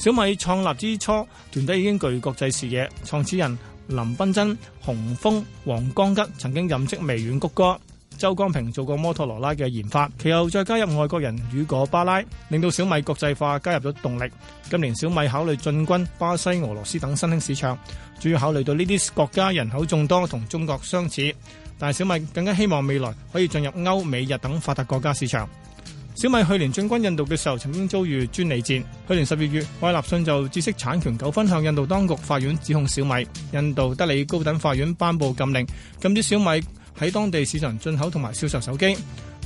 小米創立之初，團隊已經具國際視野。創始人林斌珍、洪峰、黃江吉曾經任職微軟谷歌，周光平做過摩托羅拉嘅研發。其後再加入外國人雨果巴拉，令到小米國際化加入咗動力。今年小米考慮進軍巴西、俄羅斯等新興市場，主要考慮到呢啲國家人口眾多，同中國相似。但係小米更加希望未來可以進入歐美日等發達國家市場。小米去年進軍印度嘅時候，曾經遭遇專利戰。去年十二月，愛立信就知識產權糾紛向印度當局法院指控小米。印度德里高等法院頒布禁令，禁止小米喺當地市場進口同埋銷售手機。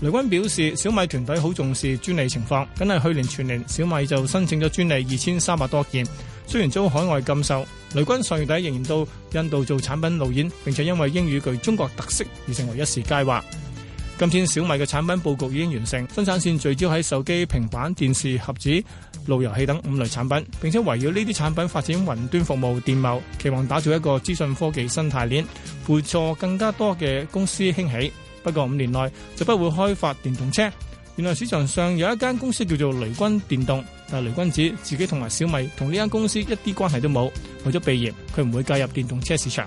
雷軍表示，小米團隊好重視專利情況，梗係去年全年小米就申請咗專利二千三百多件。雖然遭海外禁售，雷軍上月底仍然到印度做產品路演，並且因為英語具中國特色而成為一時佳話。今天小米嘅產品布局已經完成，生產線聚焦喺手機、平板、電視、盒子、路由器等五類產品，並且圍繞呢啲產品發展雲端服務、電貿，期望打造一個資訊科技生態鏈，輔助更加多嘅公司興起。不過五年內就不會開發電動車，原來市場上有一間公司叫做雷軍電動，但雷軍指自己同埋小米同呢間公司一啲關係都冇，為咗避嫌，佢唔會介入電動車市場。